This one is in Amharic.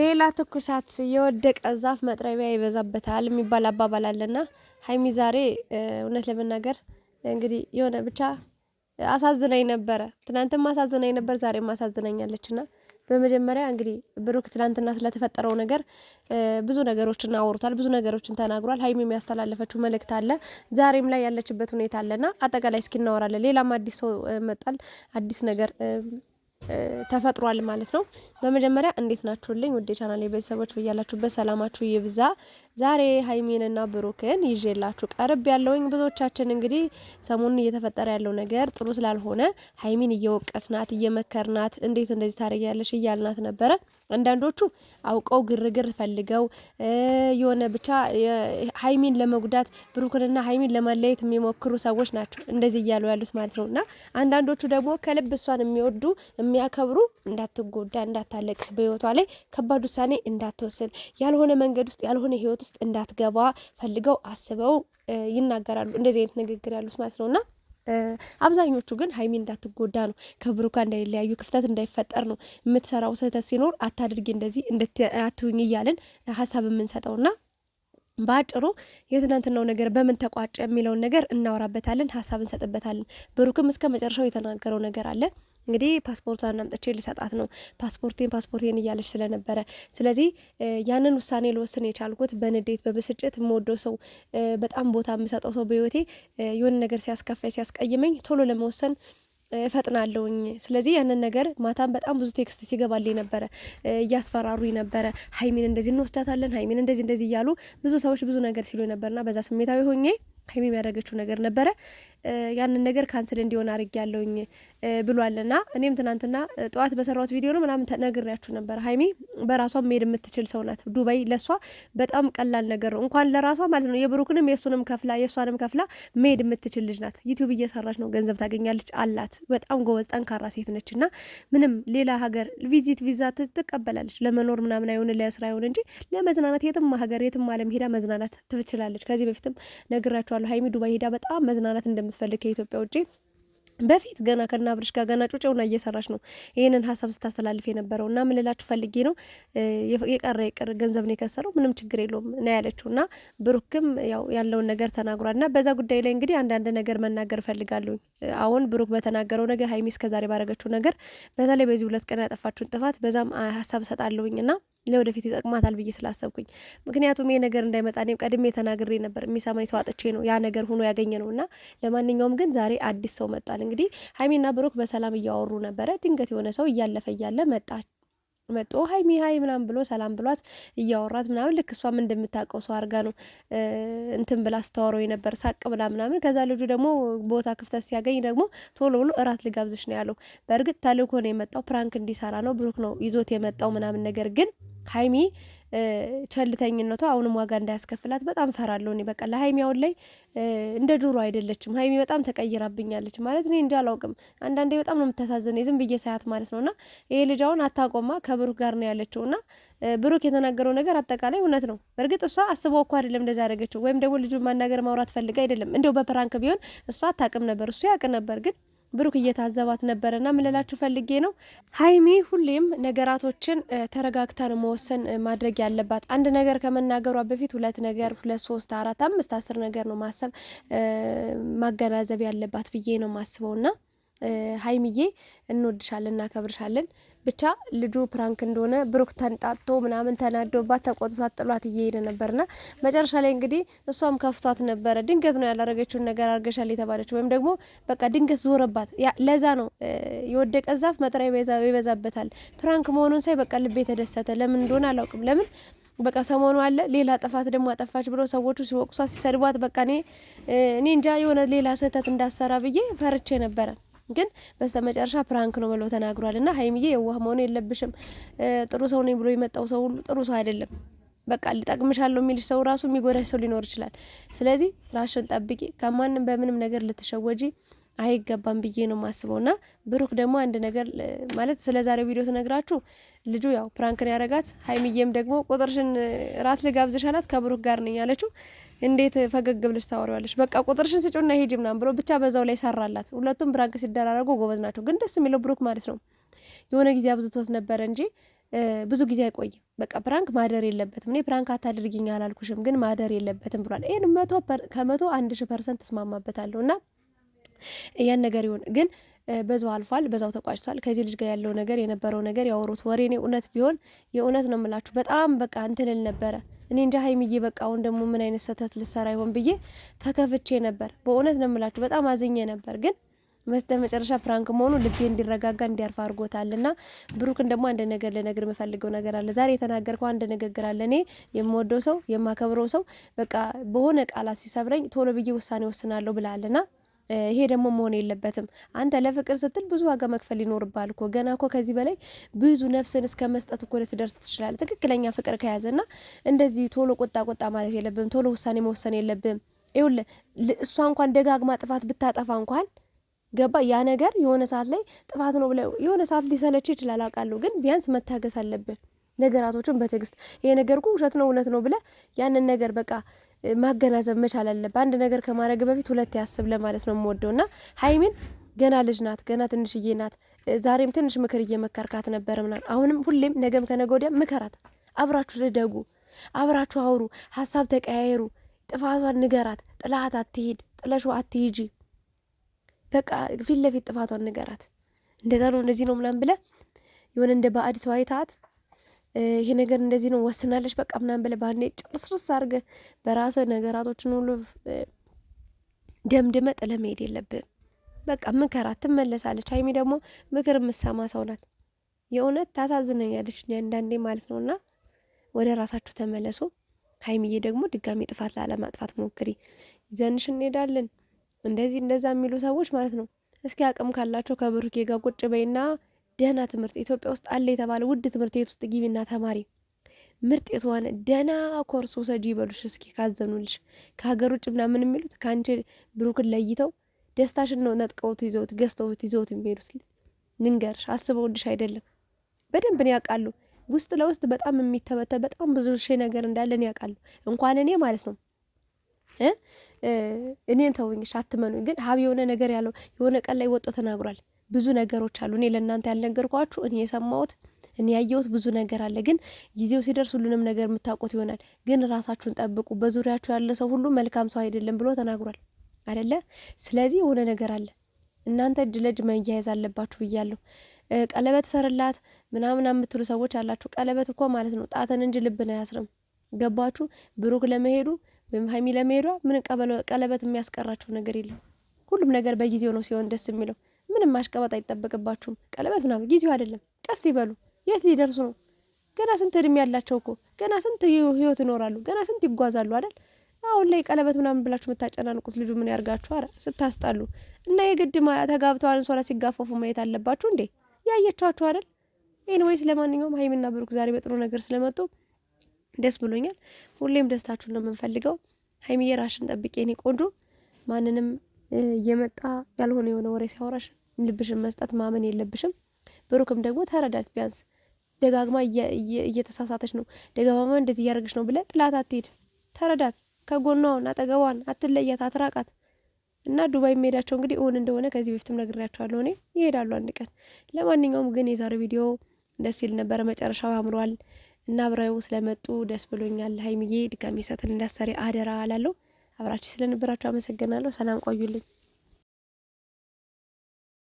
ሌላ ትኩሳት የወደቀ ዛፍ መጥረቢያ ይበዛበታል የሚባል አባባል አለና ሀይሚ ዛሬ እውነት ለመናገር እንግዲህ የሆነ ብቻ አሳዝናኝ ነበረ። ትናንትም አሳዝናኝ ነበር፣ ዛሬም አሳዝናኛለች እና በመጀመሪያ እንግዲህ ብሩክ ትናንትና ስለተፈጠረው ነገር ብዙ ነገሮችን አወሩታል፣ ብዙ ነገሮችን ተናግሯል። ሀይሚ የሚያስተላለፈችው መልእክት አለ፣ ዛሬም ላይ ያለችበት ሁኔታ አለና አጠቃላይ እስኪ እናወራለን። ሌላም አዲስ ሰው መጧል፣ አዲስ ነገር ተፈጥሯል ማለት ነው። በመጀመሪያ እንዴት ናችሁልኝ ውዴ ቻናል የቤተሰቦች ብያላችሁበት ሰላማችሁ ይብዛ። ዛሬ ሀይሚንና ብሩክን ይዤላችሁ ቀርብ ያለውኝ። ብዙዎቻችን እንግዲህ ሰሞኑን እየተፈጠረ ያለው ነገር ጥሩ ስላልሆነ ሀይሚን እየወቀስናት እየመከርናት፣ እንዴት እንደዚህ ታደርጊያለሽ እያልናት ነበረ። አንዳንዶቹ አውቀው ግርግር ፈልገው የሆነ ብቻ ሀይሚን ለመጉዳት ብሩክንና ሀይሚን ለማለየት የሚሞክሩ ሰዎች ናቸው እንደዚህ እያሉ ያሉት ማለት ነው። እና አንዳንዶቹ ደግሞ ከልብ እሷን የሚወዱ የሚያከብሩ እንዳትጎዳ እንዳታለቅስ በህይወቷ ላይ ከባድ ውሳኔ እንዳትወስን ያልሆነ መንገድ ውስጥ ያልሆነ ህይወት ውስጥ እንዳትገባ ፈልገው አስበው ይናገራሉ። እንደዚህ አይነት ንግግር ያሉት ማለት እና አብዛኞቹ ግን ሀይሚ እንዳትጎዳ ነው፣ ከብሩካ እንዳይለያዩ ክፍተት እንዳይፈጠር ነው። የምትሰራው ስህተት ሲኖር አታድርጊ፣ እንደዚህ አትውኝ እያለን ሀሳብ የምንሰጠው እና በአጭሩ የትናንትናው ነገር በምን ተቋጨ የሚለውን ነገር እናወራበታለን፣ ሀሳብ እንሰጥበታለን። ብሩክም እስከ መጨረሻው የተናገረው ነገር አለ። እንግዲህ ፓስፖርቷን አምጥቼ ልሰጣት ነው ፓስፖርቴን ፓስፖርቴን እያለች ስለነበረ፣ ስለዚህ ያንን ውሳኔ ልወስን የቻልኩት በንዴት በብስጭት የምወደው ሰው በጣም ቦታ የምሰጠው ሰው በህይወቴ የሆነ ነገር ሲያስከፋኝ ሲያስቀይመኝ ቶሎ ለመወሰን እፈጥናለሁኝ። ስለዚህ ያንን ነገር ማታም በጣም ብዙ ቴክስት ሲገባልኝ ነበረ፣ እያስፈራሩ ነበረ። ሀይሚን እንደዚህ እንወስዳታለን፣ ሀይሚን እንደዚህ እንደዚህ እያሉ ብዙ ሰዎች ብዙ ነገር ሲሉ ነበርና በዛ ስሜታዊ ሆኜ ሀይሚ የሚያደርገችው ነገር ነበረ። ያንን ነገር ካንስል እንዲሆን አርግ ያለውኝ ብሏልና እኔም ትናንትና ጠዋት በሰራሁት ቪዲዮ ነው ምናምን ነግሬያችሁ ነበር። ሀይሚ በራሷ መሄድ የምትችል ሰው ናት። ዱባይ ለሷ በጣም ቀላል ነገር ነው፣ እንኳን ለራሷ ማለት ነው። የብሩክንም የእሱንም ከፍላ የእሷንም ከፍላ መሄድ የምትችል ልጅ ናት። ዩቲዩብ እየሰራች ነው፣ ገንዘብ ታገኛለች፣ አላት። በጣም ጎበዝ ጠንካራ ሴት ነች። እና ምንም ሌላ ሀገር ቪዚት ቪዛ ትቀበላለች ለመኖር ምናምን አይሆን ለስራ አይሆን እንጂ ለመዝናናት የትም ሀገር የትም አለም ሄዳ መዝናናት ትችላለች። ከዚህ በፊትም ነግራችሁ ብያችኋለሁ። ሀይሚ ዱባይ ሄዳ በጣም መዝናናት እንደምትፈልግ ከኢትዮጵያ ውጪ በፊት ገና ከና ጋር ገና ጩጭ ሆና እየሰራች ነው ይህንን ሀሳብ ስታስተላልፍ የነበረው እና ምን ልላችሁ ፈልጌ ነው የቀረ የቀረ ገንዘብ ነው የከሰረው ምንም ችግር የለውም ና ያለችው። እና ብሩክም ያው ያለውን ነገር ተናግሯል። እና በዛ ጉዳይ ላይ እንግዲህ አንዳንድ ነገር መናገር እፈልጋለሁ። አሁን ብሩክ በተናገረው ነገር ሀይሚ እስከዛሬ ባረገችው ነገር፣ በተለይ በዚህ ሁለት ቀን ያጠፋችሁን ጥፋት በዛም ሀሳብ እሰጣለሁኝ እና ለወደፊት ይጠቅማታል ብዬ ስላሰብኩኝ፣ ምክንያቱም ይሄ ነገር እንዳይመጣ እኔም ቀድሜ ተናግሬ ነበር። የሚሰማኝ ሰው አጥቼ ነው ያ ነገር ሆኖ ያገኘ ነው እና ለማንኛውም ግን ዛሬ አዲስ ሰው መጧል። እንግዲህ ሀይሚና ብሩክ በሰላም እያወሩ ነበረ። ድንገት የሆነ ሰው እያለፈ እያለ መጣ መጦ ሀይሚ ሀይ ምናምን ብሎ ሰላም ብሏት እያወራት ምናምን ልክ እሷም እንደምታውቀው ሰው አድርጋ ነው እንትን ብላ አስተዋውረው የነበር ሳቅ ብላ ምናምን። ከዛ ልጁ ደግሞ ቦታ ክፍተት ሲያገኝ ደግሞ ቶሎ ብሎ እራት ልጋብዝሽ ነው ያለው። በእርግጥ ተልእኮ ነው የመጣው ፕራንክ እንዲሰራ ነው ብሩክ ነው ይዞት የመጣው ምናምን ነገር ግን ሀይሚ ቸልተኝነቷ አሁንም ዋጋ እንዳያስከፍላት በጣም ፈራለሁ። እኔ በቃ ለሀይሚ አሁን ላይ እንደ ድሮ አይደለችም። ሀይሚ በጣም ተቀይራብኛለች ማለት እኔ እንጃ አላውቅም። አንዳንዴ በጣም ነው የምታሳዝነኝ ዝም ብዬ ሳያት ማለት ነውና ይሄ ልጅ አሁን አታቆማ ከብሩክ ጋር ነው ያለችውና ብሩክ የተናገረው ነገር አጠቃላይ እውነት ነው። በእርግጥ እሷ አስበው እኮ አይደለም እንደዚ ያደረገችው፣ ወይም ደግሞ ልጁ ማናገር ማውራት ፈልግ አይደለም። እንደው በፕራንክ ቢሆን እሷ አታቅም ነበር፣ እሱ ያውቅ ነበር ግን ብሩክ እየታዘባት ነበረና ምንላችሁ ፈልጌ ነው ሀይሚ ሁሌም ነገራቶችን ተረጋግተን መወሰን ማድረግ ያለባት አንድ ነገር ከመናገሯ በፊት ሁለት ነገር ሁለት ሶስት አራት አምስት አስር ነገር ነው ማሰብ ማገናዘብ ያለባት ብዬ ነው ማስበውና ሀይሚዬ እንወድሻለን እናከብርሻለን ብቻ ልጁ ፕራንክ እንደሆነ ብሩክ ተንጣጥቶ ምናምን ተናዶባት ተቆጥቷት ጥሏት እየሄደ ነበርና መጨረሻ ላይ እንግዲህ እሷም ከፍቷት ነበረ። ድንገት ነው ያላረገችውን ነገር አርገሻል የተባለችው ወይም ደግሞ በቃ ድንገት ዞረባት። ለዛ ነው የወደቀ ዛፍ መጥሪያ ይበዛበታል። ፕራንክ መሆኑን ሳይ በቃ ልቤ የተደሰተ ለምን እንደሆነ አላውቅም። ለምን በቃ ሰሞኑ አለ ሌላ ጥፋት ደግሞ አጠፋች ብሎ ሰዎቹ ሲወቅሷት ሲሰድቧት፣ በቃ እኔ እኔ እንጃ የሆነ ሌላ ስህተት እንዳሰራ ብዬ ፈርቼ ነበረ። ግን በስተመጨረሻ ፕራንክ ነው ብለው ተናግሯል። እና ሀይሚዬ የዋህ መሆን የለብሽም። ጥሩ ሰው ነኝ ብሎ የመጣው ሰው ሁሉ ጥሩ ሰው አይደለም። በቃ ሊጠቅምሻለሁ የሚልሽ ሰው ራሱ የሚጎዳሽ ሰው ሊኖር ይችላል። ስለዚህ ራሽን ጠብቂ። ከማንም በምንም ነገር ልትሸወጂ አይገባም ብዬ ነው የማስበው። እና ብሩክ ደግሞ አንድ ነገር ማለት ስለ ዛሬው ቪዲዮ ስነግራችሁ ልጁ ያው ፕራንክን ያረጋት ሀይሚዬም ደግሞ ቁጥርሽን ራት ልጋብዝሻላት ከብሩክ ጋር ነኝ ያለችው እንዴት ፈገግ ብለሽ ታወሪዋለሽ? በቃ ቁጥርሽን ስጩና ሂጂ ምናምን ብሎ ብቻ በዛው ላይ ሰራላት። ሁለቱም ፕራንክ ሲደራረጉ ጎበዝ ናቸው። ግን ደስ የሚለው ብሩክ ማለት ነው የሆነ ጊዜ አብዝቶት ነበረ እንጂ ብዙ ጊዜ አይቆይም። በቃ ፕራንክ ማደር የለበትም። እኔ ፕራንክ አታድርጊኝ አላልኩሽም፣ ግን ማደር የለበትም ብሏል። ይህን መቶ ከመቶ አንድ ሺ ፐርሰንት ተስማማበታለሁ እና ያን ነገር ይሆን ግን በዛው አልፏል፣ በዛው ተቋጭቷል። ከዚህ ልጅ ጋር ያለው ነገር የነበረው ነገር ያወሩት ወሬ እኔ እውነት ቢሆን የእውነት ነው የምላችሁ በጣም በቃ እንትልል ነበረ እኔ እንጃ ሀይሚዬ፣ በቃ አሁን ደግሞ ምን አይነት ስህተት ልሰራ ይሆን ብዬ ተከፍቼ ነበር። በእውነት ነው የምላችሁ በጣም አዝኜ ነበር ግን መስተ መጨረሻ ፕራንክ መሆኑ ልቤ እንዲረጋጋ እንዲያርፍ አድርጎታልና፣ ብሩክን ደግሞ አንድ ነገር ልነግር የምፈልገው ነገር አለ። ዛሬ የተናገርከው አንድ ንግግር አለ። እኔ የምወደው ሰው የማከብረው ሰው በቃ በሆነ ቃላት ሲሰብረኝ ቶሎ ብዬ ውሳኔ ወስናለሁ ብላለና ይሄ ደግሞ መሆን የለበትም። አንተ ለፍቅር ስትል ብዙ ዋጋ መክፈል ይኖርብሃል እኮ ገና እኮ ከዚህ በላይ ብዙ ነፍስን እስከ መስጠት እኮ ልትደርስ ትችላለህ። ትክክለኛ ፍቅር ከያዘና እንደዚህ ቶሎ ቆጣ ቆጣ ማለት የለብም። ቶሎ ውሳኔ መወሰን የለብም። ይኸውልህ እሷ እንኳን ደጋግማ ጥፋት ብታጠፋ እንኳን ገባ ያ ነገር የሆነ ሰዓት ላይ ጥፋት ነው ብለው የሆነ ሰዓት ሊሰለች ይችላል አውቃለሁ። ግን ቢያንስ መታገስ አለብህ ነገራቶችን በትዕግስት ይሄ ነገር እኮ ውሸት ነው እውነት ነው ብለህ ያንን ነገር በቃ ማገናዘብ መቻል አለብህ። አንድ ነገር ከማድረግ በፊት ሁለት ያስብ ለማለት ነው የምወደው እና ሀይሚን ገና ልጅ ናት፣ ገና ትንሽዬ ናት። ዛሬም ትንሽ ምክር እየመከርካት ነበር ምናምን። አሁንም ሁሌም ነገም ከነገ ወዲያ ምከራት። አብራችሁ ልደጉ፣ አብራችሁ አውሩ፣ ሀሳብ ተቀያየሩ። ጥፋቷን ንገራት። ጥላት አትሂድ፣ ጥለሹ አትሂጂ። በቃ ፊት ለፊት ጥፋቷን ንገራት። እንደዛ ነው እንደዚህ ነው ምናምን ብለ የሆነ እንደ ባዕድ ሰው አይታት ይሄ ነገር እንደዚህ ነው ወስናለች፣ በቃ ምናምን ብለህ ባንዴ ጭርስርስ አድርገህ በራስህ ነገራቶችን ሁሉ ደምድመ ጥለ መሄድ የለብም። በቃ ምከራት፣ ትመለሳለች። ሀይሚ ደግሞ ምክር የምሰማ ሰው ናት። የእውነት ታሳዝነኛለች አንዳንዴ ማለት ነው። እና ወደ ራሳችሁ ተመለሱ። ሀይሚዬ ደግሞ ድጋሚ ጥፋት ላለማጥፋት ሞክሪ። ይዘንሽ እንሄዳለን እንደዚህ እንደዛ የሚሉ ሰዎች ማለት ነው። እስኪ አቅም ካላቸው ከብሩኬ ጋር ቁጭ በይና ደህና ትምህርት ኢትዮጵያ ውስጥ አለ የተባለ ውድ ትምህርት ቤት ውስጥ ግቢና ተማሪ ምርጥ የተዋነ ደህና ኮርስ ውሰጂ ይበሉሽ እስኪ ካዘኑልሽ። ከሀገር ውጭ ምናምን የሚሉት ከአንቺ ብሩክን ለይተው ደስታሽን ነው ነጥቀውት ይዘውት ገዝተውት ይዘውት የሚሄዱት። ልንገርሽ አስበውልሽ አይደለም። በደንብ እኔ ያውቃሉ። ውስጥ ለውስጥ በጣም የሚተበተ በጣም ብዙ ሺ ነገር እንዳለን ያውቃሉ። እንኳን እኔ ማለት ነው እኔን ተውኝሽ አትመኑ። ግን ሀብ የሆነ ነገር ያለው የሆነ ቀን ላይ ወጦ ተናግሯል። ብዙ ነገሮች አሉ። እኔ ለእናንተ ያልነገርኳችሁ እኔ የሰማሁት እኔ ያየሁት ብዙ ነገር አለ። ግን ጊዜው ሲደርስ ሁሉንም ነገር የምታውቁት ይሆናል። ግን ራሳችሁን ጠብቁ። በዙሪያችሁ ያለ ሰው ሁሉ መልካም ሰው አይደለም ብሎ ተናግሯል አይደለ? ስለዚህ የሆነ ነገር አለ። እናንተ እጅ ለእጅ መያያዝ አለባችሁ ብያለሁ። ቀለበት ሰርላት ምናምን የምትሉ ሰዎች አላችሁ። ቀለበት እኮ ማለት ነው ጣትን እንጂ ልብን አያስርም። ገባችሁ? ብሩክ ለመሄዱ ወይም ሀይሚ ለመሄዷ ምን ቀለበት የሚያስቀራቸው ነገር የለም። ሁሉም ነገር በጊዜው ነው ሲሆን ደስ የሚለው። ምንም ማሽቀባጥ አይጠበቅባችሁም። ቀለበት ምናምን ጊዜው አይደለም። ቀስ ይበሉ። የት ሊደርሱ ነው? ገና ስንት እድሜ ያላቸው እኮ ገና ስንት ህይወት ይኖራሉ። ገና ስንት ይጓዛሉ አይደል? አሁን ላይ ቀለበት ምናምን ብላችሁ የምታጨናንቁት ልጁ ምን ያርጋችሁ? አረ ስታስጣሉ። እና የግድ ተጋብተው አንሷ ሲጋፈፉ ማየት አለባችሁ እንዴ? ያየችኋችሁ አይደል? ኤኒዌይስ ለማንኛውም ሀይሚና ብሩክ ዛሬ በጥሩ ነገር ስለመጡ ደስ ብሎኛል። ሁሌም ደስታችሁን ነው የምንፈልገው። ሀይሚዬ ራሽን ጠብቄ ኔ ቆንጆ ማንንም እየመጣ ያልሆነ የሆነ ወሬ ሲያወራሽ ልብሽን መስጠት ማመን የለብሽም። ብሩክም ደግሞ ተረዳት። ቢያንስ ደጋግማ እየተሳሳተች ነው፣ ደጋግማ እንደዚህ እያደረገች ነው ብለህ ጥላት አትሄድ። ተረዳት፣ ከጎኗን አጠገቧን፣ አትለያት፣ አትራቃት። እና ዱባይ የሚሄዳቸው እንግዲህ እውን እንደሆነ ከዚህ በፊትም ነግሬያቸዋለሁ። እኔ ይሄዳሉ አንድ ቀን። ለማንኛውም ግን የዛሬ ቪዲዮ ደስ ይል ነበረ፣ መጨረሻው አምሯል እና አብረው ስለመጡ ደስ ብሎኛል። ሀይሚዬ ድጋሚ ሰትን እንዳሰሪ አደራ አላለሁ። አብራችሁ ስለነበራችሁ አመሰግናለሁ። ሰላም ቆዩልኝ።